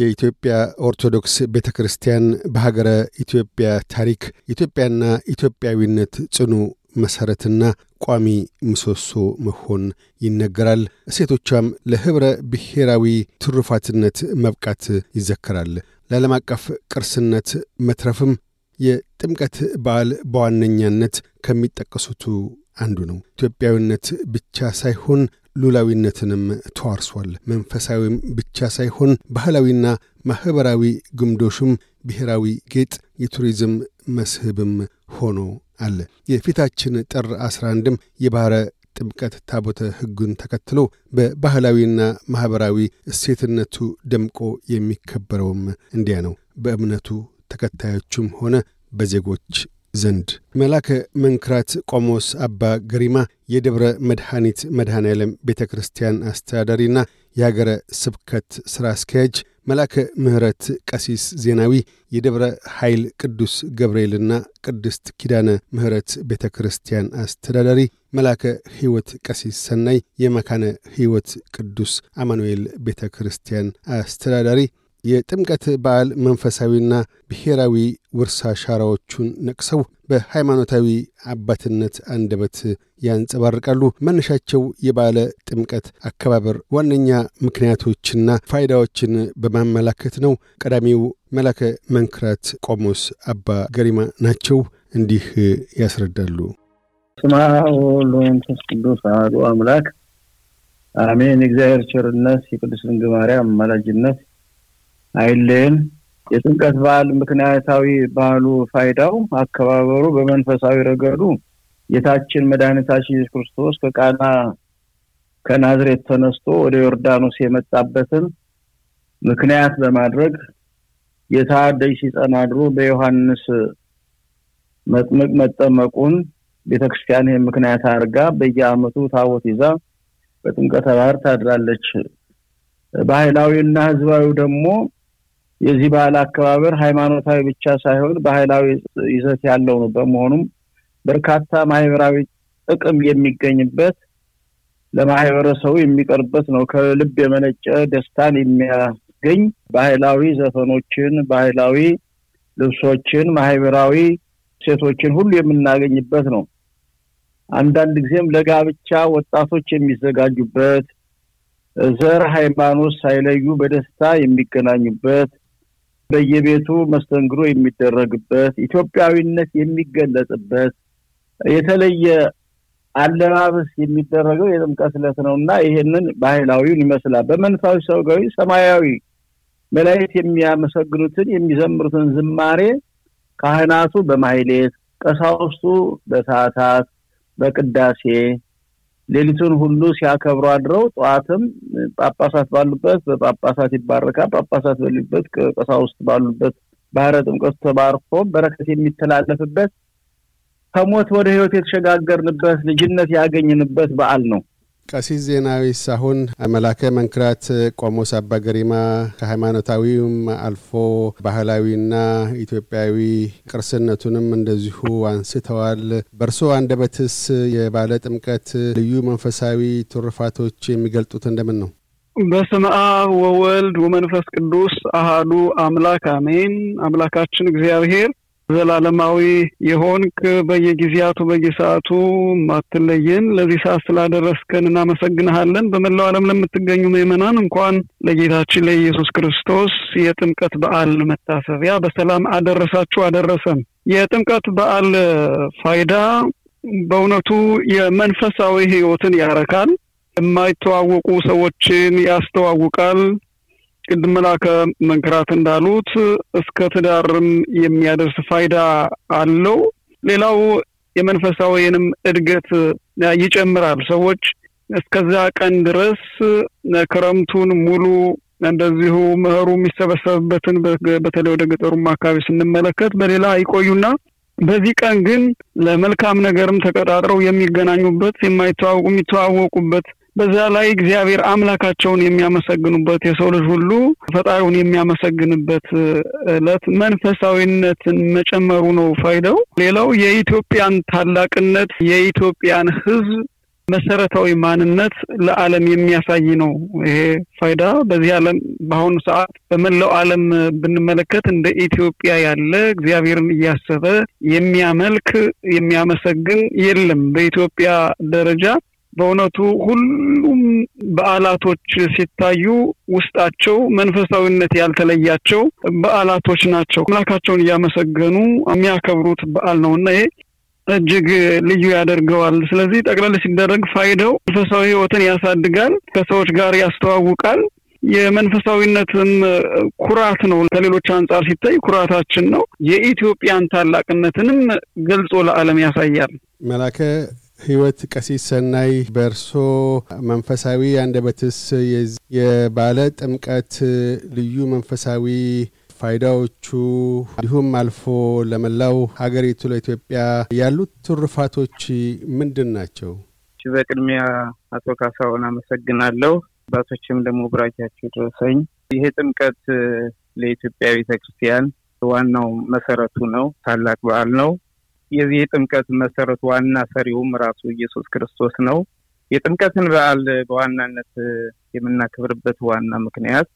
የኢትዮጵያ ኦርቶዶክስ ቤተ ክርስቲያን በሀገረ ኢትዮጵያ ታሪክ ኢትዮጵያና ኢትዮጵያዊነት ጽኑ መሠረትና ቋሚ ምሰሶ መሆን ይነገራል። እሴቶቿም ለኅብረ ብሔራዊ ትሩፋትነት መብቃት ይዘከራል። ለዓለም አቀፍ ቅርስነት መትረፍም የጥምቀት በዓል በዋነኛነት ከሚጠቀሱቱ አንዱ ነው። ኢትዮጵያዊነት ብቻ ሳይሆን ሉላዊነትንም ተዋርሷል። መንፈሳዊም ብቻ ሳይሆን ባህላዊና ማኅበራዊ ግምዶሹም ብሔራዊ ጌጥ፣ የቱሪዝም መስህብም ሆኖ አለ። የፊታችን ጥር 11ም የባሕረ ጥምቀት ታቦተ ሕጉን ተከትሎ በባህላዊና ማኅበራዊ እሴትነቱ ደምቆ የሚከበረውም እንዲያ ነው። በእምነቱ ተከታዮቹም ሆነ በዜጎች ዘንድ መላከ መንክራት ቆሞስ አባ ገሪማ የደብረ መድኃኒት መድሃን ዓለም ቤተ ክርስቲያን አስተዳዳሪና የሀገረ ስብከት ሥራ አስኪያጅ፣ መላከ ምሕረት ቀሲስ ዜናዊ የደብረ ኃይል ቅዱስ ገብርኤልና ቅድስት ኪዳነ ምሕረት ቤተ ክርስቲያን አስተዳዳሪ፣ መላከ ሕይወት ቀሲስ ሰናይ የመካነ ሕይወት ቅዱስ አማኑኤል ቤተ ክርስቲያን አስተዳዳሪ የጥምቀት በዓል መንፈሳዊና ብሔራዊ ውርሳ ሻራዎቹን ነቅሰው በሃይማኖታዊ አባትነት አንደበት ያንጸባርቃሉ። መነሻቸው የበዓለ ጥምቀት አከባበር ዋነኛ ምክንያቶችና ፋይዳዎችን በማመላከት ነው። ቀዳሚው መላከ መንክራት ቆሞስ አባ ገሪማ ናቸው። እንዲህ ያስረዳሉ። ስማ ወወልድ ወመንፈስ ቅዱስ አሐዱ አምላክ አሜን። እግዚአብሔር ቸርነት፣ የቅዱስ ድንግል ማርያም አማላጅነት አይለየን። የጥምቀት በዓል ምክንያታዊ ባህሉ ፋይዳው አከባበሩ በመንፈሳዊ ረገዱ ጌታችን መድኃኒታችን ኢየሱስ ክርስቶስ ከቃና ከናዝሬት ተነስቶ ወደ ዮርዳኖስ የመጣበትን ምክንያት በማድረግ ጌታ ደጅ ሲጸና በዮሐንስ መጥምቅ መጠመቁን ቤተክርስቲያን ይህን ምክንያት አድርጋ በየአመቱ ታቦት ይዛ በጥምቀተ ባህር ታድራለች። ባህላዊና ህዝባዊ ደግሞ የዚህ ባህል አከባበር ሃይማኖታዊ ብቻ ሳይሆን ባህላዊ ይዘት ያለው ነው። በመሆኑም በርካታ ማህበራዊ ጥቅም የሚገኝበት ለማህበረሰቡ የሚቀርበት ነው። ከልብ የመነጨ ደስታን የሚያገኝ ባህላዊ ዘፈኖችን፣ ባህላዊ ልብሶችን፣ ማህበራዊ ሴቶችን ሁሉ የምናገኝበት ነው። አንዳንድ ጊዜም ለጋብቻ ወጣቶች የሚዘጋጁበት ዘር ሃይማኖት ሳይለዩ በደስታ የሚገናኙበት በየቤቱ መስተንግዶ የሚደረግበት ኢትዮጵያዊነት የሚገለጽበት የተለየ አለባበስ የሚደረገው የጥምቀት ዕለት ነው እና ይሄንን ባህላዊውን ይመስላል። በመንፈሳዊ ሰውጋዊ ሰማያዊ መላየት የሚያመሰግኑትን የሚዘምሩትን ዝማሬ ካህናቱ በማህሌት ቀሳውስቱ በሰዓታት በቅዳሴ ሌሊቱን ሁሉ ሲያከብሩ አድረው ጠዋትም ጳጳሳት ባሉበት በጳጳሳት ይባረካል። ጳጳሳት በሉበት ውስጥ ባሉበት ባህረ ጥምቀቱ ተባርኮ በረከት የሚተላለፍበት ከሞት ወደ ህይወት የተሸጋገርንበት ልጅነት ያገኝንበት በዓል ነው። ቀሲስ ዜናዊ ሳሁን መላከ መንክራት ቆሞስ አባ ገሪማ አልፎ ባህላዊና ኢትዮጵያዊ ቅርስነቱንም እንደዚሁ አንስተዋል። በእርሶ አንደበትስ የባለ ጥምቀት ልዩ መንፈሳዊ ትሩፋቶች የሚገልጡት እንደምን ነው? በስመ አብ ወወልድ ወመንፈስ ቅዱስ አሃዱ አምላክ አሜን። አምላካችን እግዚአብሔር ዘላለማዊ የሆንክ በየጊዜያቱ በየሰዓቱ ማትለየን ለዚህ ሰዓት ስላደረስከን እናመሰግንሃለን። በመላው ዓለም ለምትገኙ ምዕመናን እንኳን ለጌታችን ለኢየሱስ ክርስቶስ የጥምቀት በዓል መታሰቢያ በሰላም አደረሳችሁ አደረሰን። የጥምቀት በዓል ፋይዳ በእውነቱ የመንፈሳዊ ሕይወትን ያረካል። የማይተዋወቁ ሰዎችን ያስተዋውቃል። ቅድም መላከ መንክራት እንዳሉት እስከ ትዳርም የሚያደርስ ፋይዳ አለው። ሌላው የመንፈሳዊንም እድገት ይጨምራል። ሰዎች እስከዛ ቀን ድረስ ክረምቱን ሙሉ እንደዚሁ ምህሩ የሚሰበሰብበትን በተለይ ወደ ገጠሩም አካባቢ ስንመለከት በሌላ ይቆዩና በዚህ ቀን ግን ለመልካም ነገርም ተቀጣጥረው የሚገናኙበት የማይተዋወቁ የሚተዋወቁበት በዛ ላይ እግዚአብሔር አምላካቸውን የሚያመሰግኑበት የሰው ልጅ ሁሉ ፈጣሪውን የሚያመሰግንበት እለት መንፈሳዊነትን መጨመሩ ነው ፋይዳው። ሌላው የኢትዮጵያን ታላቅነት የኢትዮጵያን ሕዝብ መሰረታዊ ማንነት ለዓለም የሚያሳይ ነው። ይሄ ፋይዳ በዚህ ዓለም በአሁኑ ሰዓት በመላው ዓለም ብንመለከት እንደ ኢትዮጵያ ያለ እግዚአብሔርን እያሰበ የሚያመልክ የሚያመሰግን የለም። በኢትዮጵያ ደረጃ በእውነቱ ሁሉም በዓላቶች ሲታዩ ውስጣቸው መንፈሳዊነት ያልተለያቸው በዓላቶች ናቸው። አምላካቸውን እያመሰገኑ የሚያከብሩት በዓል ነው እና ይሄ እጅግ ልዩ ያደርገዋል። ስለዚህ ጠቅለል ሲደረግ ፋይዳው መንፈሳዊ ሕይወትን ያሳድጋል፣ ከሰዎች ጋር ያስተዋውቃል። የመንፈሳዊነትም ኩራት ነው። ከሌሎች አንጻር ሲታይ ኩራታችን ነው። የኢትዮጵያን ታላቅነትንም ገልጾ ለዓለም ያሳያል። መላከ ህይወት ቀሲስ ሰናይ በርሶ መንፈሳዊ አንደበትስ የባለ ጥምቀት ልዩ መንፈሳዊ ፋይዳዎቹ እንዲሁም አልፎ ለመላው ሀገሪቱ ለኢትዮጵያ ያሉት ትሩፋቶች ምንድን ናቸው? በቅድሚያ አቶ ካሳውን አመሰግናለሁ። አባቶችም ደግሞ ብራኪያቸው ድረሰኝ። ይሄ ጥምቀት ለኢትዮጵያ ቤተክርስቲያን ዋናው መሰረቱ ነው። ታላቅ በዓል ነው። የዚህ ጥምቀት መሰረት ዋና ሰሪውም ራሱ ኢየሱስ ክርስቶስ ነው። የጥምቀትን በዓል በዋናነት የምናከብርበት ዋና ምክንያት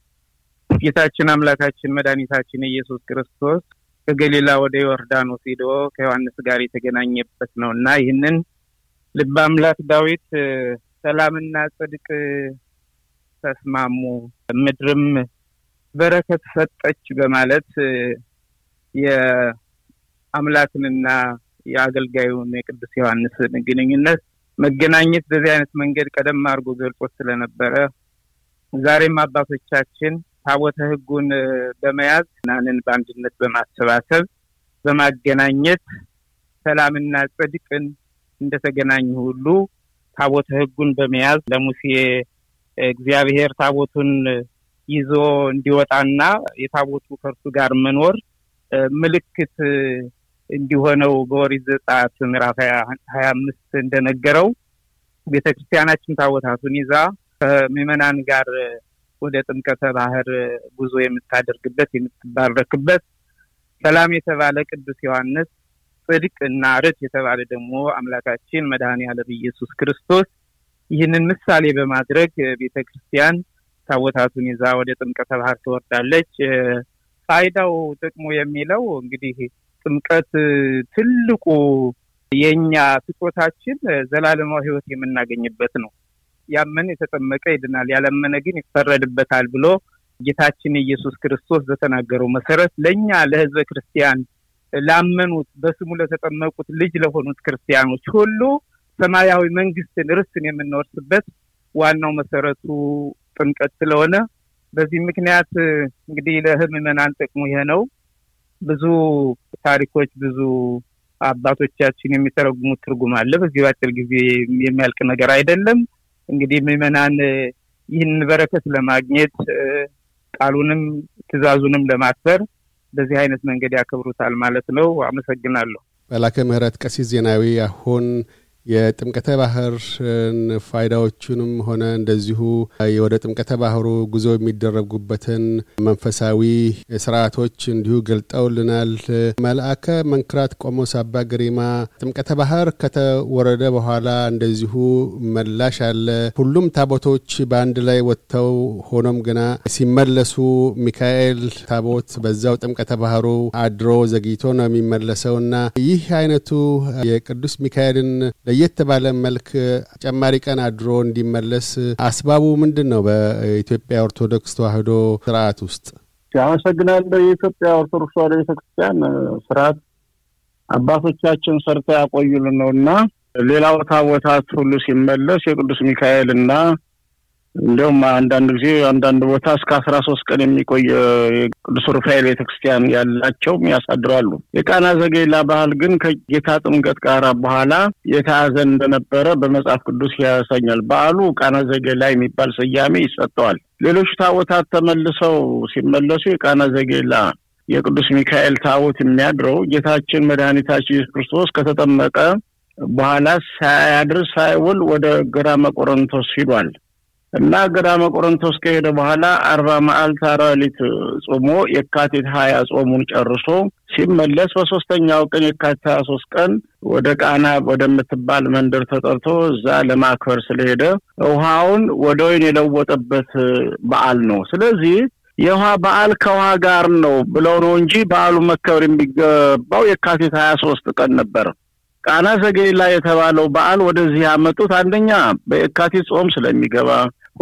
ጌታችን አምላካችን መድኃኒታችን ኢየሱስ ክርስቶስ ከገሊላ ወደ ዮርዳኖስ ሄዶ ከዮሐንስ ጋር የተገናኘበት ነው እና ይህንን ልበ አምላክ ዳዊት ሰላምና ጽድቅ ተስማሙ፣ ምድርም በረከት ሰጠች በማለት የአምላክንና የአገልጋዩን የቅዱስ ዮሐንስን ግንኙነት መገናኘት በዚህ አይነት መንገድ ቀደም አድርጎ ገልጦ ስለነበረ ዛሬም አባቶቻችን ታቦተ ህጉን በመያዝ ናንን በአንድነት በማሰባሰብ በማገናኘት ሰላምና ጽድቅን እንደተገናኙ ሁሉ ታቦተ ህጉን በመያዝ ለሙሴ እግዚአብሔር ታቦቱን ይዞ እንዲወጣና የታቦቱ ከእርሱ ጋር መኖር ምልክት እንዲሆነው በኦሪት ዘጸአት ምዕራፍ ሀያ አምስት እንደነገረው ቤተ ክርስቲያናችን ታቦታቱን ይዛ ከምእመናን ጋር ወደ ጥምቀተ ባህር ጉዞ የምታደርግበት የምትባረክበት፣ ሰላም የተባለ ቅዱስ ዮሐንስ፣ ጽድቅ እና ርት የተባለ ደግሞ አምላካችን መድኃኔ ያለብ ኢየሱስ ክርስቶስ ይህንን ምሳሌ በማድረግ ቤተ ክርስቲያን ታቦታቱን ይዛ ወደ ጥምቀተ ባህር ትወርዳለች። ፋይዳው ጥቅሙ የሚለው እንግዲህ ጥምቀት ትልቁ የእኛ ስጦታችን ዘላለማዊ ህይወት የምናገኝበት ነው። ያመነ የተጠመቀ ይድናል፣ ያላመነ ግን ይፈረድበታል ብሎ ጌታችን ኢየሱስ ክርስቶስ በተናገረው መሰረት ለእኛ ለህዝበ ክርስቲያን ላመኑት በስሙ ለተጠመቁት ልጅ ለሆኑት ክርስቲያኖች ሁሉ ሰማያዊ መንግስትን ርስትን የምንወርስበት ዋናው መሰረቱ ጥምቀት ስለሆነ በዚህ ምክንያት እንግዲህ ለህምመናን ጥቅሙ ይሄ ነው። ብዙ ታሪኮች ብዙ አባቶቻችን የሚተረጉሙት ትርጉም አለ። በዚህ በአጭር ጊዜ የሚያልቅ ነገር አይደለም። እንግዲህ ምዕመናን ይህን በረከት ለማግኘት ቃሉንም ትእዛዙንም ለማክበር በዚህ አይነት መንገድ ያከብሩታል ማለት ነው። አመሰግናለሁ። መላከ ምሕረት ቀሲስ ዜናዊ አሁን የጥምቀተ ባህር ፋይዳዎቹንም ሆነ እንደዚሁ ወደ ጥምቀተ ባህሩ ጉዞ የሚደረጉበትን መንፈሳዊ ስርዓቶች እንዲሁ ገልጠውልናል። መልአከ መንክራት ቆሞስ አባ ገሪማ፣ ጥምቀተ ባህር ከተወረደ በኋላ እንደዚሁ መላሽ አለ። ሁሉም ታቦቶች በአንድ ላይ ወጥተው ሆኖም ግና ሲመለሱ ሚካኤል ታቦት በዛው ጥምቀተ ባህሩ አድሮ ዘግይቶ ነው የሚመለሰው እና ይህ አይነቱ የቅዱስ ሚካኤልን ለየት ባለ መልክ ተጨማሪ ቀን አድሮ እንዲመለስ አስባቡ ምንድን ነው? በኢትዮጵያ ኦርቶዶክስ ተዋህዶ ስርዓት ውስጥ አመሰግናለሁ። የኢትዮጵያ ኦርቶዶክስ ተዋህዶ ቤተክርስቲያን ስርዓት አባቶቻችን ሰርተው ያቆዩልን ነው እና ሌላው ታቦታት ሁሉ ሲመለስ የቅዱስ ሚካኤል እና እንዲሁም አንዳንድ ጊዜ አንዳንድ ቦታ እስከ አስራ ሶስት ቀን የሚቆይ የቅዱስ ሩፋኤል ቤተክርስቲያን ያላቸውም ያሳድራሉ። የቃና ዘጌላ ባህል ግን ከጌታ ጥምቀት ጋር በኋላ የተያዘ እንደነበረ በመጽሐፍ ቅዱስ ያሳኛል። በዓሉ ቃና ዘጌላ የሚባል ስያሜ ይሰጠዋል። ሌሎቹ ታቦታት ተመልሰው ሲመለሱ የቃና ዘጌላ የቅዱስ ሚካኤል ታቦት የሚያድረው ጌታችን መድኃኒታችን ኢየሱስ ክርስቶስ ከተጠመቀ በኋላ ሳያድር ሳይውል ወደ ግራመ ቆሮንቶስ ሂዷል። እና ገዳመ ቆሮንቶስ ከሄደ በኋላ አርባ መዓልት አራሊት ጾሞ የካቲት ሀያ ጾሙን ጨርሶ ሲመለስ በሶስተኛው ቀን የካቲት ሀያ ሶስት ቀን ወደ ቃና ወደምትባል መንደር ተጠርቶ እዛ ለማክበር ስለሄደ ውሃውን ወደ ወይን የለወጠበት በዓል ነው። ስለዚህ የውሃ በዓል ከውሃ ጋር ነው ብለው ነው እንጂ በዓሉ መከበር የሚገባው የካቲት ሀያ ሶስት ቀን ነበር። ቃና ዘገሊላ የተባለው በዓል ወደዚህ ያመጡት አንደኛ በየካቲት ጾም ስለሚገባ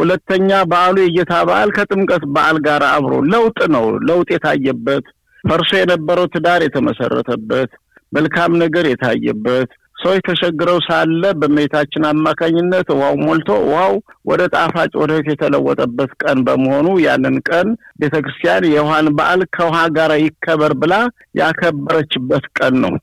ሁለተኛ በዓሉ የጌታ በዓል ከጥምቀት በዓል ጋር አብሮ ለውጥ ነው። ለውጥ የታየበት ፈርሶ የነበረው ትዳር የተመሰረተበት መልካም ነገር የታየበት ሰዎች ተቸግረው ሳለ በእመቤታችን አማካኝነት ውሃው ሞልቶ ውሃው ወደ ጣፋጭ ወደት የተለወጠበት ቀን በመሆኑ ያንን ቀን ቤተ ክርስቲያን የውሃን በዓል ከውሃ ጋር ይከበር ብላ ያከበረችበት ቀን ነው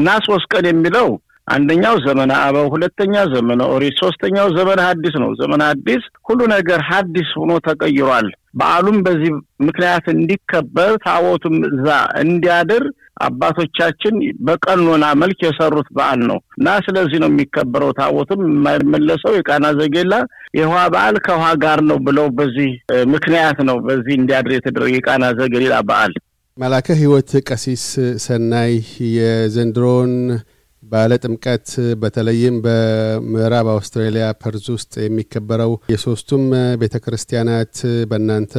እና ሶስት ቀን የሚለው አንደኛው ዘመነ አበው፣ ሁለተኛ ዘመነ ኦሪት፣ ሶስተኛው ዘመነ ሐዲስ ነው። ዘመነ ሐዲስ ሁሉ ነገር ሐዲስ ሆኖ ተቀይሯል። በዓሉም በዚህ ምክንያት እንዲከበር ታቦቱም እዛ እንዲያድር አባቶቻችን በቀኖና መልክ የሰሩት በዓል ነው እና ስለዚህ ነው የሚከበረው። ታቦትም የማይመለሰው የቃና ዘጌላ የውሃ በዓል ከውሃ ጋር ነው ብለው በዚህ ምክንያት ነው በዚህ እንዲያድር የተደረገ የቃና ዘጌላ በዓል። መላከ ሕይወት ቀሲስ ሰናይ የዘንድሮን ባለ ጥምቀት በተለይም በምዕራብ አውስትራሊያ ፐርዝ ውስጥ የሚከበረው የሶስቱም ቤተ ክርስቲያናት በእናንተ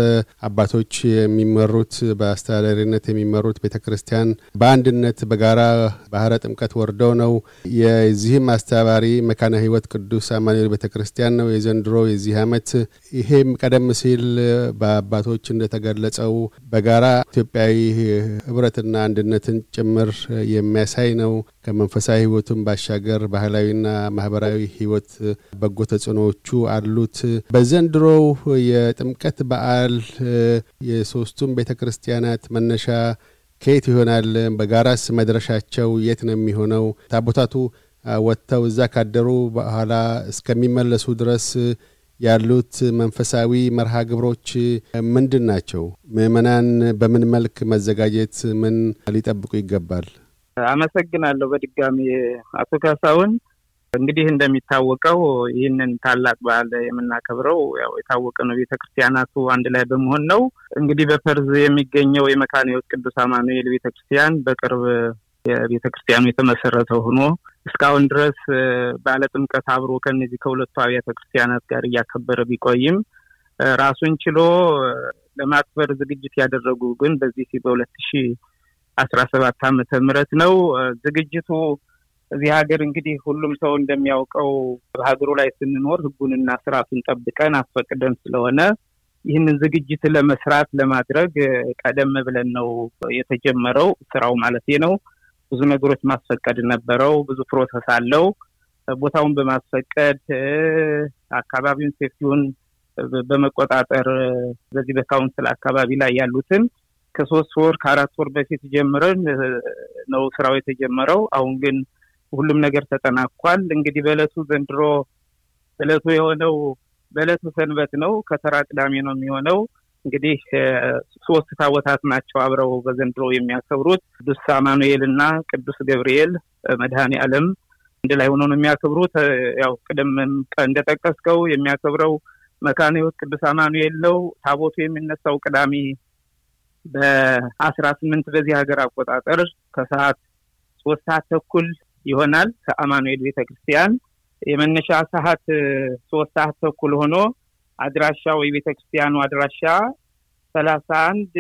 አባቶች የሚመሩት በአስተዳዳሪነት የሚመሩት ቤተ ክርስቲያን በአንድነት በጋራ ባህረ ጥምቀት ወርደው ነው። የዚህም አስተባባሪ መካነ ሕይወት ቅዱስ አማኑኤል ቤተ ክርስቲያን ነው የዘንድሮ የዚህ ዓመት። ይሄም ቀደም ሲል በአባቶች እንደተገለጸው በጋራ ኢትዮጵያዊ ህብረትና አንድነትን ጭምር የሚያሳይ ነው። ከመንፈሳዊ ህይወቱም ባሻገር ባህላዊና ማህበራዊ ህይወት በጎ ተጽዕኖዎቹ አሉት። በዘንድሮው የጥምቀት በዓል የሶስቱም ቤተ ክርስቲያናት መነሻ ከየት ይሆናል? በጋራስ መድረሻቸው የት ነው የሚሆነው? ታቦታቱ ወጥተው እዛ ካደሩ በኋላ እስከሚመለሱ ድረስ ያሉት መንፈሳዊ መርሃ ግብሮች ምንድን ናቸው? ምእመናን በምን መልክ መዘጋጀት ምን ሊጠብቁ ይገባል? አመሰግናለሁ በድጋሚ አቶ ካሳሁን። እንግዲህ እንደሚታወቀው ይህንን ታላቅ በዓል የምናከብረው ያው የታወቀ ነው፣ ቤተ ክርስቲያናቱ አንድ ላይ በመሆን ነው። እንግዲህ በፐርዝ የሚገኘው የመካነ ሕይወት ቅዱስ አማኑኤል ቤተ ክርስቲያን በቅርብ የቤተ ክርስቲያኑ የተመሰረተው ሆኖ እስካሁን ድረስ ባለ ጥምቀት አብሮ ከነዚህ ከሁለቱ አብያተ ክርስቲያናት ጋር እያከበረ ቢቆይም ራሱን ችሎ ለማክበር ዝግጅት ያደረጉ ግን በዚህ በሁለት ሺህ አስራ ሰባት ዓመተ ምህረት ነው ዝግጅቱ። እዚህ ሀገር እንግዲህ ሁሉም ሰው እንደሚያውቀው በሀገሩ ላይ ስንኖር ህጉንና ስርዓቱን ጠብቀን አስፈቅደን ስለሆነ ይህንን ዝግጅት ለመስራት ለማድረግ ቀደም ብለን ነው የተጀመረው ስራው ማለት ነው። ብዙ ነገሮች ማስፈቀድ ነበረው። ብዙ ፕሮሰስ አለው። ቦታውን በማስፈቀድ አካባቢውን፣ ሴፍቲውን በመቆጣጠር በዚህ በካውንስል አካባቢ ላይ ያሉትን ከሶስት ወር ከአራት ወር በፊት ጀምረን ነው ስራው የተጀመረው። አሁን ግን ሁሉም ነገር ተጠናኳል። እንግዲህ በእለቱ ዘንድሮ እለቱ የሆነው በእለቱ ሰንበት ነው። ከተራ ቅዳሜ ነው የሚሆነው። እንግዲህ ሶስት ታቦታት ናቸው አብረው በዘንድሮ የሚያከብሩት ቅዱስ አማኑኤል እና ቅዱስ ገብርኤል መድኃኔ ዓለም አንድ ላይ ሆኖ ነው የሚያከብሩት። ያው ቅድም እንደጠቀስከው የሚያከብረው መካነ ሕይወት ቅዱስ አማኑኤል ነው። ታቦቱ የሚነሳው ቅዳሜ በአስራ ስምንት በዚህ ሀገር አቆጣጠር ከሰዓት ሶስት ሰዓት ተኩል ይሆናል ከአማኑኤል ቤተ ክርስቲያን የመነሻ ሰዓት ሶስት ሰዓት ተኩል ሆኖ አድራሻው የቤተ ክርስቲያኑ አድራሻ ሰላሳ አንድ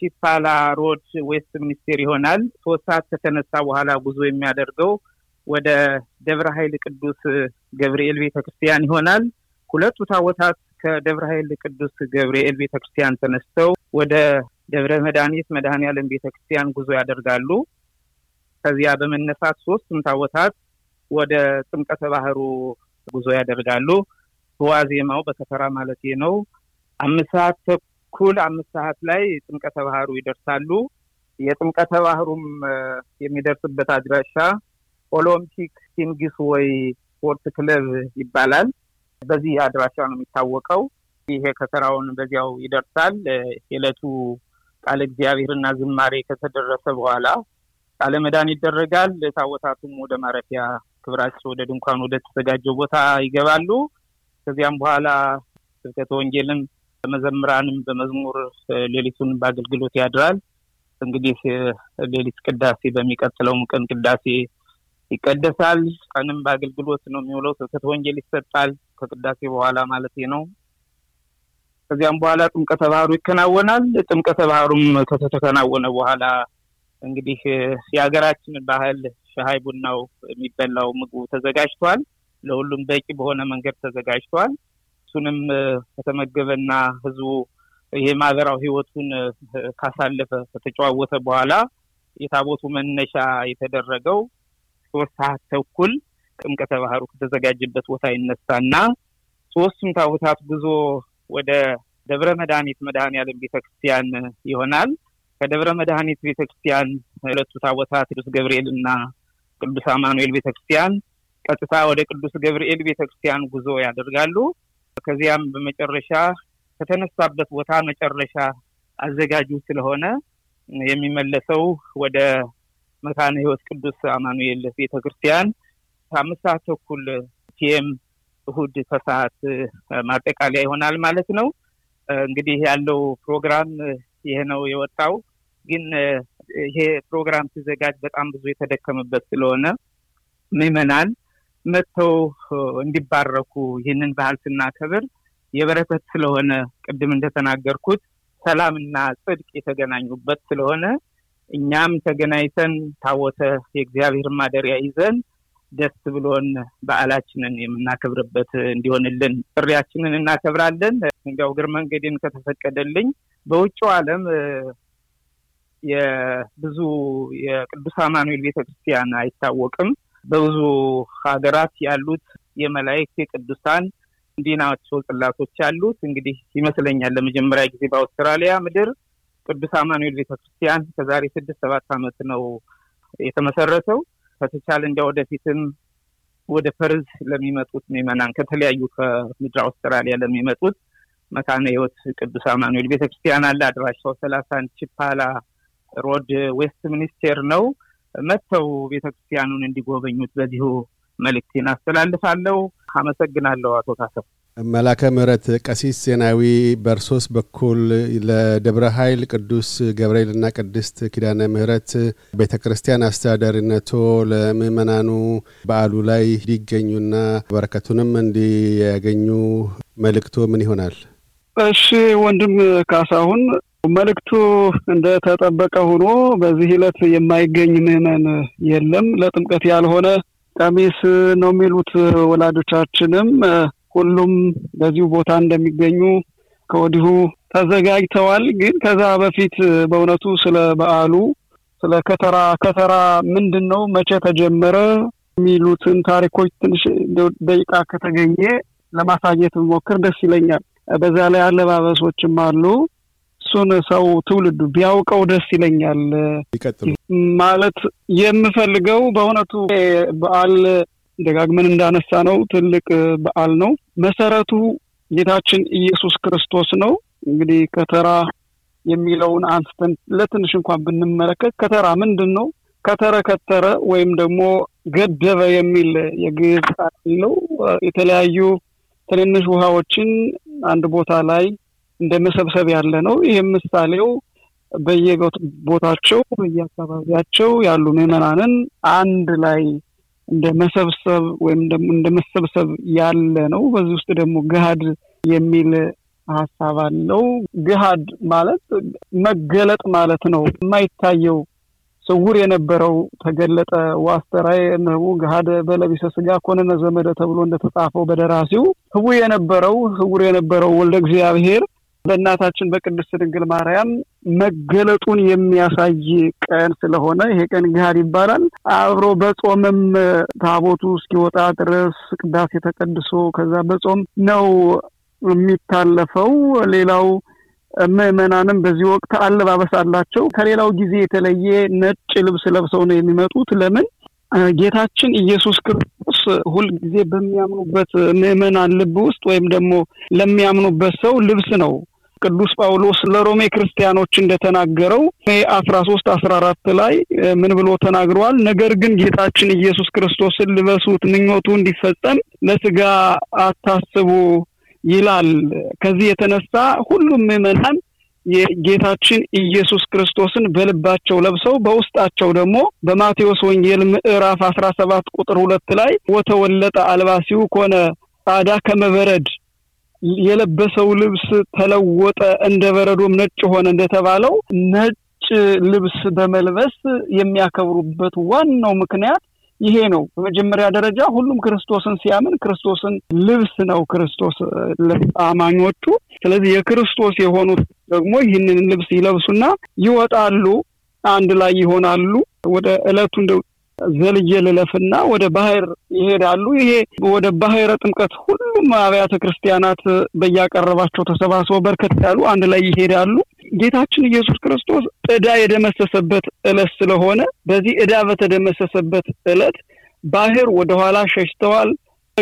ቺፓላ ሮድ ዌስት ሚኒስቴር ይሆናል። ሶስት ሰዓት ከተነሳ በኋላ ጉዞ የሚያደርገው ወደ ደብረ ኃይል ቅዱስ ገብርኤል ቤተ ክርስቲያን ይሆናል። ሁለቱ ታቦታት ከደብረ ኃይል ቅዱስ ገብርኤል ቤተ ክርስቲያን ተነስተው ወደ ደብረ መድኃኒት መድኃኔ ዓለም ቤተ ክርስቲያን ጉዞ ያደርጋሉ። ከዚያ በመነሳት ሶስቱም ታቦታት ወደ ጥምቀተ ባህሩ ጉዞ ያደርጋሉ። ህዋ ዜማው በከተራ ማለት ነው። አምስት ሰዓት ተኩል አምስት ሰዓት ላይ ጥምቀተ ባህሩ ይደርሳሉ። የጥምቀተ ባህሩም የሚደርስበት አድራሻ ኦሎምፒክ ኪንግስ ወይ ስፖርት ክለብ ይባላል። በዚህ አድራሻ ነው የሚታወቀው። ይሄ ከሰራውን በዚያው ይደርሳል። የዕለቱ ቃለ እግዚአብሔርና ዝማሬ ከተደረሰ በኋላ ቃለ መዳን ይደረጋል። ታቦታቱም ወደ ማረፊያ ክብራቸው ወደ ድንኳን ወደ ተዘጋጀው ቦታ ይገባሉ። ከዚያም በኋላ ስብከተ ወንጌልም በመዘምራንም በመዝሙር ሌሊቱን በአገልግሎት ያድራል። እንግዲህ ሌሊት ቅዳሴ፣ በሚቀጥለውም ቀን ቅዳሴ ይቀደሳል። ቀንም በአገልግሎት ነው የሚውለው። ስብከተ ወንጌል ይሰጣል ከቅዳሴ በኋላ ማለት ነው። ከዚያም በኋላ ጥምቀተ ባህሩ ይከናወናል። ጥምቀተ ባህሩም ከተከናወነ በኋላ እንግዲህ የሀገራችን ባህል ሻሀይ ቡናው የሚበላው ምግቡ ተዘጋጅቷል። ለሁሉም በቂ በሆነ መንገድ ተዘጋጅቷል። እሱንም ከተመገበና ህዝቡ የማህበራዊ ህይወቱን ካሳለፈ ከተጨዋወተ በኋላ የታቦቱ መነሻ የተደረገው ሶስት ሰዓት ተኩል ጥምቀተ ባህሩ ከተዘጋጀበት ቦታ ይነሳና ሶስቱም ታቦታት ጉዞ ወደ ደብረ መድኃኒት መድኃኔዓለም ቤተክርስቲያን ይሆናል። ከደብረ መድኃኒት ቤተክርስቲያን ሁለቱ ታቦታት ቅዱስ ገብርኤል እና ቅዱስ አማኑኤል ቤተክርስቲያን ቀጥታ ወደ ቅዱስ ገብርኤል ቤተክርስቲያን ጉዞ ያደርጋሉ። ከዚያም በመጨረሻ ከተነሳበት ቦታ መጨረሻ አዘጋጁ ስለሆነ የሚመለሰው ወደ መካነ ሕይወት ቅዱስ አማኑኤል ቤተክርስቲያን ከአምስት ሰዓት ተኩል ፒኤም እሁድ ከሰዓት ማጠቃለያ ይሆናል ማለት ነው። እንግዲህ ያለው ፕሮግራም ይሄ ነው የወጣው። ግን ይሄ ፕሮግራም ሲዘጋጅ በጣም ብዙ የተደከመበት ስለሆነ ምዕመናን መጥተው እንዲባረኩ ይህንን ባህል ስናከብር የበረከት ስለሆነ ቅድም እንደተናገርኩት ሰላምና ጽድቅ የተገናኙበት ስለሆነ እኛም ተገናኝተን ታቦተ የእግዚአብሔር ማደሪያ ይዘን ደስ ብሎን በዓላችንን የምናከብርበት እንዲሆንልን ጥሪያችንን እናከብራለን። እንዲያው እግር መንገዴን ከተፈቀደልኝ በውጭው ዓለም የብዙ የቅዱስ አማኑኤል ቤተክርስቲያን አይታወቅም። በብዙ ሀገራት ያሉት የመላእክት የቅዱሳን እንዲናቸው ጽላቶች ያሉት እንግዲህ ይመስለኛል ለመጀመሪያ ጊዜ በአውስትራሊያ ምድር ቅዱስ አማኑኤል ቤተክርስቲያን ከዛሬ ስድስት ሰባት ዓመት ነው የተመሰረተው። ከተቻለ እንደ ወደፊትም ወደ ፐርዝ ለሚመጡት ምዕመናን ከተለያዩ ከምድረ አውስትራሊያ ለሚመጡት መካነ ህይወት ቅዱስ አማኑኤል ቤተክርስቲያን አለ። አድራሽ ሰው ሰላሳ አንድ ቺፓላ ሮድ ዌስት ሚኒስቴር ነው። መጥተው ቤተክርስቲያኑን እንዲጎበኙት በዚሁ መልእክቴን አስተላልፋለው አመሰግናለሁ አቶ ታሰብ መላከ ምሕረት ቀሲስ ዜናዊ በርሶስ በኩል ለደብረ ኃይል ቅዱስ ገብርኤልና ቅድስት ኪዳነ ምሕረት ቤተ ክርስቲያን አስተዳዳሪነቶ ለምእመናኑ በዓሉ ላይ እንዲገኙና በረከቱንም እንዲያገኙ መልእክቶ ምን ይሆናል? እሺ ወንድም ካሳሁን መልእክቱ እንደተጠበቀ ሆኖ በዚህ ዕለት የማይገኝ ምእመን የለም። ለጥምቀት ያልሆነ ቀሚስ ነው የሚሉት ወላጆቻችንም ሁሉም በዚሁ ቦታ እንደሚገኙ ከወዲሁ ተዘጋጅተዋል። ግን ከዛ በፊት በእውነቱ ስለ በዓሉ ስለ ከተራ ከተራ ምንድን ነው መቼ ተጀመረ የሚሉትን ታሪኮች ትንሽ ደቂቃ ከተገኘ ለማሳየት ሞክር ደስ ይለኛል። በዛ ላይ አለባበሶችም አሉ። እሱን ሰው ትውልዱ ቢያውቀው ደስ ይለኛል። ማለት የምፈልገው በእውነቱ በዓል ደጋግመን እንዳነሳ ነው ትልቅ በዓል ነው። መሰረቱ ጌታችን ኢየሱስ ክርስቶስ ነው። እንግዲህ ከተራ የሚለውን አንስተን ለትንሽ እንኳን ብንመለከት ከተራ ምንድን ነው? ከተረከተረ ወይም ደግሞ ገደበ የሚል የግዕዝ ቃል የተለያዩ ትንንሽ ውሃዎችን አንድ ቦታ ላይ እንደ መሰብሰብ ያለ ነው። ይህም ምሳሌው በየቦታቸው በየአካባቢያቸው ያሉ ምዕመናንን አንድ ላይ እንደ መሰብሰብ ወይም እንደ መሰብሰብ ያለ ነው። በዚህ ውስጥ ደግሞ ገሃድ የሚል ሀሳብ አለው። ገሃድ ማለት መገለጥ ማለት ነው። የማይታየው ስውር የነበረው ተገለጠ። ዋስተራይ ነው ገሃድ በለቢሰ ስጋ ኮነነ ዘመደ ተብሎ እንደተጻፈው በደራሲው ህቡ የነበረው ስውር የነበረው ወልደ እግዚአብሔር በእናታችን በቅድስት ድንግል ማርያም መገለጡን የሚያሳይ ቀን ስለሆነ ይሄ ቀን ገሃድ ይባላል። አብሮ በጾምም ታቦቱ እስኪወጣ ድረስ ቅዳሴ ተቀድሶ ከዛ በጾም ነው የሚታለፈው። ሌላው ምዕመናንም በዚህ ወቅት አለባበስ አላቸው። ከሌላው ጊዜ የተለየ ነጭ ልብስ ለብሰው ነው የሚመጡት። ለምን? ጌታችን ኢየሱስ ክርስቶስ ሁልጊዜ በሚያምኑበት ምዕመናን ልብ ውስጥ ወይም ደግሞ ለሚያምኑበት ሰው ልብስ ነው ቅዱስ ጳውሎስ ለሮሜ ክርስቲያኖች እንደተናገረው አስራ ሶስት አስራ አራት ላይ ምን ብሎ ተናግረዋል? ነገር ግን ጌታችን ኢየሱስ ክርስቶስን ልበሱት፣ ምኞቱ እንዲፈጸም ለስጋ አታስቡ ይላል። ከዚህ የተነሳ ሁሉም ምዕመናን የጌታችን ኢየሱስ ክርስቶስን በልባቸው ለብሰው በውስጣቸው ደግሞ በማቴዎስ ወንጌል ምዕራፍ አስራ ሰባት ቁጥር ሁለት ላይ ወተወለጠ አልባሲው ከሆነ ጻዳ ከመበረድ የለበሰው ልብስ ተለወጠ፣ እንደ በረዶም ነጭ ሆነ እንደተባለው ነጭ ልብስ በመልበስ የሚያከብሩበት ዋናው ምክንያት ይሄ ነው። በመጀመሪያ ደረጃ ሁሉም ክርስቶስን ሲያምን ክርስቶስን ልብስ ነው ክርስቶስ አማኞቹ። ስለዚህ የክርስቶስ የሆኑት ደግሞ ይህንን ልብስ ይለብሱና ይወጣሉ፣ አንድ ላይ ይሆናሉ። ወደ ዕለቱ እንደው ዘልዬ ልለፍና ወደ ባህር ይሄዳሉ። ይሄ ወደ ባህረ ጥምቀት ሁሉም አብያተ ክርስቲያናት በያቀረባቸው ተሰባስበው በርከት ያሉ አንድ ላይ ይሄዳሉ። ጌታችን ኢየሱስ ክርስቶስ ዕዳ የደመሰሰበት ዕለት ስለሆነ በዚህ ዕዳ በተደመሰሰበት ዕለት ባህር ወደኋላ ሸሽተዋል።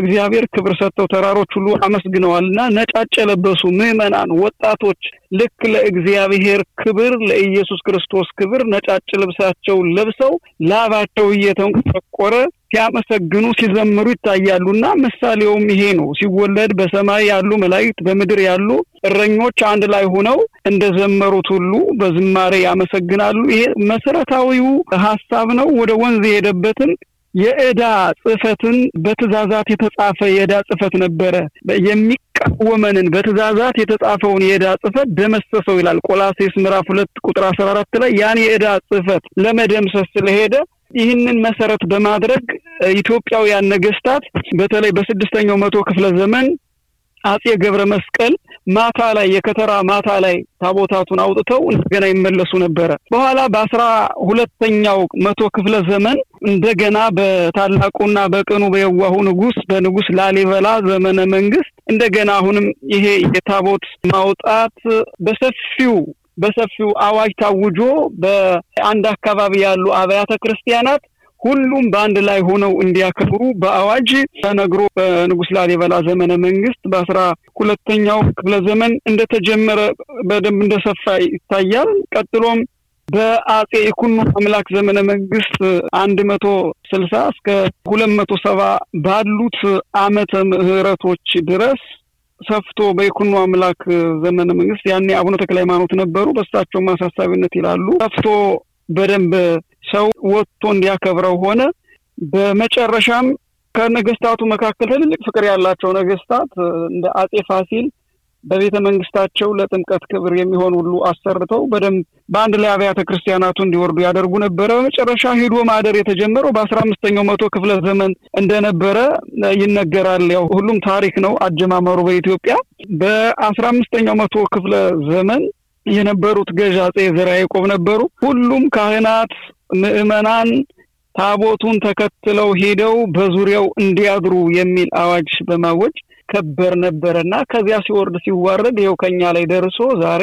እግዚአብሔር ክብር ሰጥተው ተራሮች ሁሉ አመስግነዋልና ነጫጭ የለበሱ ምዕመናን ወጣቶች ልክ ለእግዚአብሔር ክብር ለኢየሱስ ክርስቶስ ክብር ነጫጭ ልብሳቸው ለብሰው ላባቸው እየተንቆረቆረ ሲያመሰግኑ ሲዘምሩ ይታያሉና ምሳሌውም ይሄ ነው። ሲወለድ በሰማይ ያሉ መላእክት በምድር ያሉ እረኞች አንድ ላይ ሆነው እንደዘመሩት ሁሉ በዝማሬ ያመሰግናሉ። ይሄ መሰረታዊው ሀሳብ ነው። ወደ ወንዝ የሄደበትን የዕዳ ጽፈትን በትእዛዛት የተጻፈ የዕዳ ጽፈት ነበረ የሚቃወመንን በትእዛዛት የተጻፈውን የዕዳ ጽፈት ደመሰሰው ይላል ቆላሴስ ምዕራፍ ሁለት ቁጥር አስራ አራት ላይ ያን የዕዳ ጽፈት ለመደምሰስ ስለሄደ ይህንን መሰረት በማድረግ ኢትዮጵያውያን ነገስታት በተለይ በስድስተኛው መቶ ክፍለ ዘመን አጼ ገብረ መስቀል ማታ ላይ የከተራ ማታ ላይ ታቦታቱን አውጥተው እንደገና ይመለሱ ነበረ። በኋላ በአስራ ሁለተኛው መቶ ክፍለ ዘመን እንደገና በታላቁና በቅኑ በየዋሁ ንጉስ በንጉስ ላሊበላ ዘመነ መንግስት እንደገና አሁንም ይሄ የታቦት ማውጣት በሰፊው በሰፊው አዋጅ ታውጆ በአንድ አካባቢ ያሉ አብያተ ክርስቲያናት ሁሉም በአንድ ላይ ሆነው እንዲያከብሩ በአዋጅ ተነግሮ በንጉስ ላሊበላ ዘመነ መንግስት በአስራ ሁለተኛው ክፍለ ዘመን እንደተጀመረ በደንብ እንደሰፋ ይታያል። ቀጥሎም በአጼ ይኩኖ አምላክ ዘመነ መንግስት አንድ መቶ ስልሳ እስከ ሁለት መቶ ሰባ ባሉት አመተ ምህረቶች ድረስ ሰፍቶ በይኩኖ አምላክ ዘመነ መንግስት ያኔ አቡነ ተክለ ሃይማኖት ነበሩ። በእሳቸው ማሳሳቢነት ይላሉ ሰፍቶ በደንብ ሰው ወጥቶ እንዲያከብረው ሆነ። በመጨረሻም ከነገስታቱ መካከል ትልልቅ ፍቅር ያላቸው ነገስታት እንደ አጼ ፋሲል በቤተ መንግስታቸው ለጥምቀት ክብር የሚሆን ሁሉ አሰርተው በደንብ በአንድ ላይ አብያተ ክርስቲያናቱ እንዲወርዱ ያደርጉ ነበረ። በመጨረሻ ሄዶ ማደር የተጀመረው በአስራ አምስተኛው መቶ ክፍለ ዘመን እንደነበረ ይነገራል። ያው ሁሉም ታሪክ ነው። አጀማመሩ በኢትዮጵያ በአስራ አምስተኛው መቶ ክፍለ ዘመን የነበሩት ገዥ አጼ ዘርዓ ያዕቆብ ነበሩ። ሁሉም ካህናት፣ ምዕመናን ታቦቱን ተከትለው ሄደው በዙሪያው እንዲያድሩ የሚል አዋጅ በማወጅ ይከበር ነበር እና ከዚያ ሲወርድ ሲዋረድ ይኸው ከኛ ላይ ደርሶ ዛሬ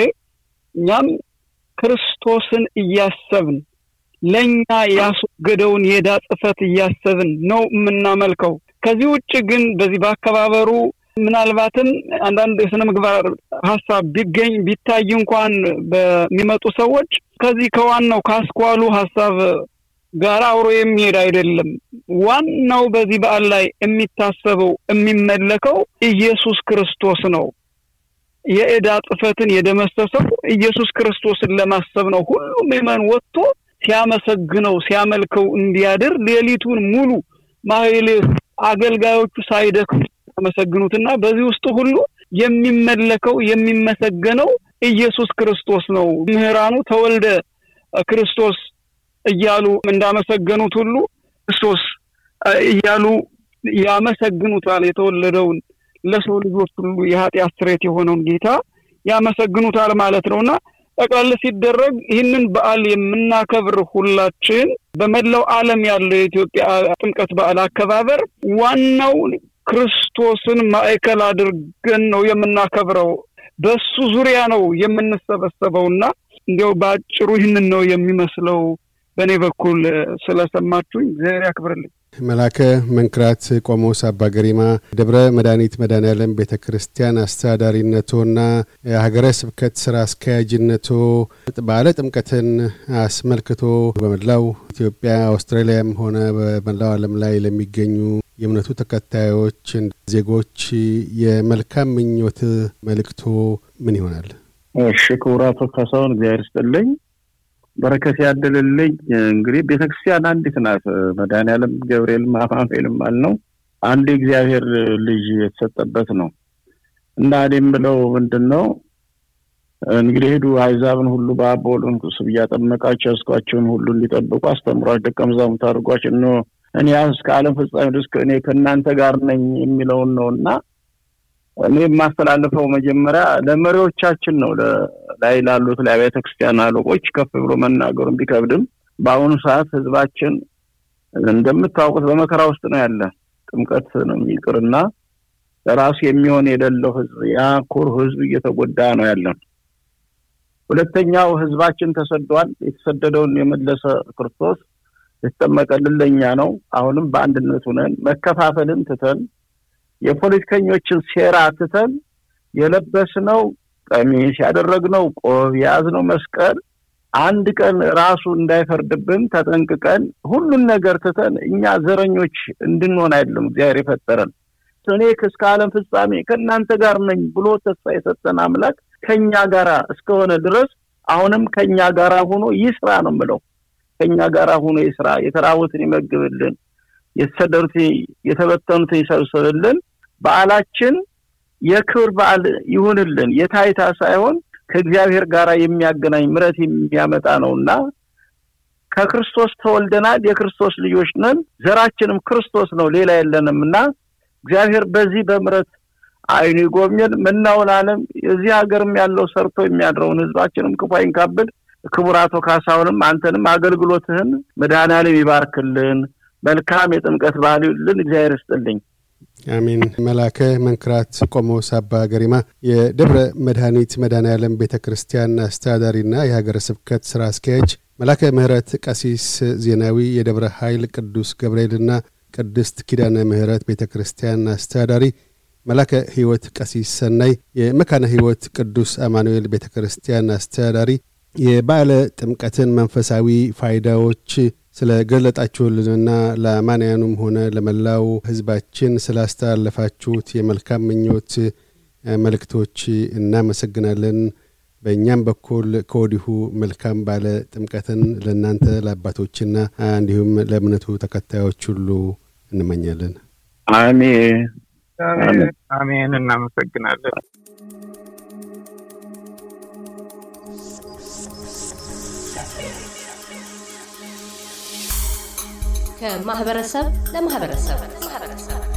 እኛም ክርስቶስን እያሰብን ለእኛ ያስወገደውን የዳ ጽፈት እያሰብን ነው የምናመልከው። ከዚህ ውጭ ግን በዚህ በአከባበሩ ምናልባትም አንዳንድ የስነ ምግባር ሀሳብ ቢገኝ ቢታይ እንኳን በሚመጡ ሰዎች ከዚህ ከዋናው ካስኳሉ ሀሳብ ጋር አብሮ የሚሄድ አይደለም። ዋናው በዚህ በዓል ላይ የሚታሰበው የሚመለከው ኢየሱስ ክርስቶስ ነው። የዕዳ ጥፈትን የደመሰሰው ኢየሱስ ክርስቶስን ለማሰብ ነው። ሁሉም ምዕመን ወጥቶ ሲያመሰግነው ሲያመልከው እንዲያድር ሌሊቱን ሙሉ ማህሌት አገልጋዮቹ ሳይደክሙ ያመሰግኑትና በዚህ ውስጥ ሁሉ የሚመለከው የሚመሰገነው ኢየሱስ ክርስቶስ ነው። ምህራኑ ተወልደ ክርስቶስ እያሉ እንዳመሰገኑት ሁሉ ክርስቶስ እያሉ ያመሰግኑታል። የተወለደውን ለሰው ልጆች ሁሉ የኃጢአት ስርየት የሆነውን ጌታ ያመሰግኑታል ማለት ነው እና ጠቅላላ ሲደረግ ይህንን በዓል የምናከብር ሁላችን በመላው ዓለም ያለው የኢትዮጵያ ጥምቀት በዓል አከባበር ዋናው ክርስቶስን ማዕከል አድርገን ነው የምናከብረው። በሱ ዙሪያ ነው የምንሰበሰበውና እንዲያው በአጭሩ ይህንን ነው የሚመስለው። በእኔ በኩል ስለሰማችሁኝ እግዚአብሔር ያክብርልኝ። መላከ መንክራት ቆሞስ አባ ገሪማ ደብረ መድኃኒት መድኃኔ ቤተ ክርስቲያን አስተዳዳሪነቶና የሀገረ ስብከት ስራ አስኪያጅነቶ በዓለ ጥምቀትን አስመልክቶ በመላው ኢትዮጵያ፣ አውስትራሊያም ሆነ በመላው ዓለም ላይ ለሚገኙ የእምነቱ ተከታዮች ዜጎች የመልካም ምኞት መልእክቶ ምን ይሆናል? እሺ ክቡር አቶ ካሳሁን እግዚአብሔር ይስጥልኝ። በረከት ያደለልኝ እንግዲህ ቤተክርስቲያን አንዲት ናት። መድኃኒዓለም ገብርኤልም አማኑኤልም ነው አንድ እግዚአብሔር ልጅ የተሰጠበት ነው እና እኔም ብለው ምንድን ነው እንግዲህ ሄዱ አይዛብን ሁሉ በአብ በወልድ መንፈስ ቅዱስ እያጠመቃችሁ ያዝኳቸውን ሁሉ እንዲጠብቁ አስተምሯቸው፣ ደቀ መዛሙርት አድርጓቸው እኔ እስከ ዓለም ፍጻሜ ድረስ እኔ ከእናንተ ጋር ነኝ የሚለውን ነው እና እኔ የማስተላልፈው መጀመሪያ ለመሪዎቻችን ነው፣ ላይ ላሉት ለአብያተ ክርስቲያን አለቆች ከፍ ብሎ መናገሩን ቢከብድም በአሁኑ ሰዓት ህዝባችን እንደምታውቁት በመከራ ውስጥ ነው ያለ። ጥምቀት ነው የሚቅርና ለራሱ የሚሆን የሌለው ህዝብ ያ ኩር ህዝብ እየተጎዳ ነው ያለ። ሁለተኛው ህዝባችን ተሰዷል። የተሰደደውን የመለሰ ክርስቶስ የተጠመቀልን ለእኛ ነው። አሁንም በአንድነት ሁነን መከፋፈልን ትተን የፖለቲከኞችን ሴራ ትተን የለበስነው ቀሚስ ያደረግነው ቆብ የያዝነው መስቀል አንድ ቀን ራሱ እንዳይፈርድብን ተጠንቅቀን ሁሉን ነገር ትተን እኛ ዘረኞች እንድንሆን አይደለም እግዚአብሔር የፈጠረን። እኔ እስከ ዓለም ፍጻሜ ከእናንተ ጋር ነኝ ብሎ ተስፋ የሰጠን አምላክ ከኛ ጋራ እስከሆነ ድረስ አሁንም ከኛ ጋራ ሆኖ ይህ ስራ ነው ምለው ከኛ ጋራ ሆኖ ስራ የተራቡትን ይመግብልን፣ የተሰደሩትን የተበተኑትን ይሰብስብልን፣ በዓላችን የክብር በዓል ይሁንልን። የታይታ ሳይሆን ከእግዚአብሔር ጋር የሚያገናኝ ምረት የሚያመጣ ነውና ከክርስቶስ ተወልደናል፣ የክርስቶስ ልጆች ነን፣ ዘራችንም ክርስቶስ ነው፣ ሌላ የለንም እና እግዚአብሔር በዚህ በምረት አይኑ ይጎብኘን። ምናውን ዓለም እዚህ ሀገርም ያለው ሰርቶ የሚያድረውን ህዝባችንም ክፉ አይንካብን። ክቡራቶ ካሳውንም አንተንም አገልግሎትህን መድኃኔዓለም ይባርክልን። መልካም የጥምቀት ባህል ይሁንልን። እግዚአብሔር ይስጥልኝ። አሚን መላከ መንክራት ቆሞስ አባ ገሪማ የደብረ መድኃኒት መድኃኔዓለም ቤተ ክርስቲያን አስተዳዳሪና የሀገረ ስብከት ስራ አስኪያጅ፣ መላከ ምህረት ቀሲስ ዜናዊ የደብረ ኃይል ቅዱስ ገብርኤልና ቅድስት ኪዳነ ምህረት ቤተ ክርስቲያን አስተዳዳሪ፣ መላከ ህይወት ቀሲስ ሰናይ የመካነ ህይወት ቅዱስ አማኑኤል ቤተ ክርስቲያን አስተዳዳሪ የባለ ጥምቀትን መንፈሳዊ ፋይዳዎች ስለ ገለጣችሁልንና ለአማንያኑም ሆነ ለመላው ህዝባችን ስላስተላለፋችሁት የመልካም ምኞት መልእክቶች እናመሰግናለን። በእኛም በኩል ከወዲሁ መልካም ባለ ጥምቀትን ለእናንተ ለአባቶችና እንዲሁም ለእምነቱ ተከታዮች ሁሉ እንመኛለን። አሜን አሜን። እናመሰግናለን። ከማህበረሰብ ለማህበረሰብ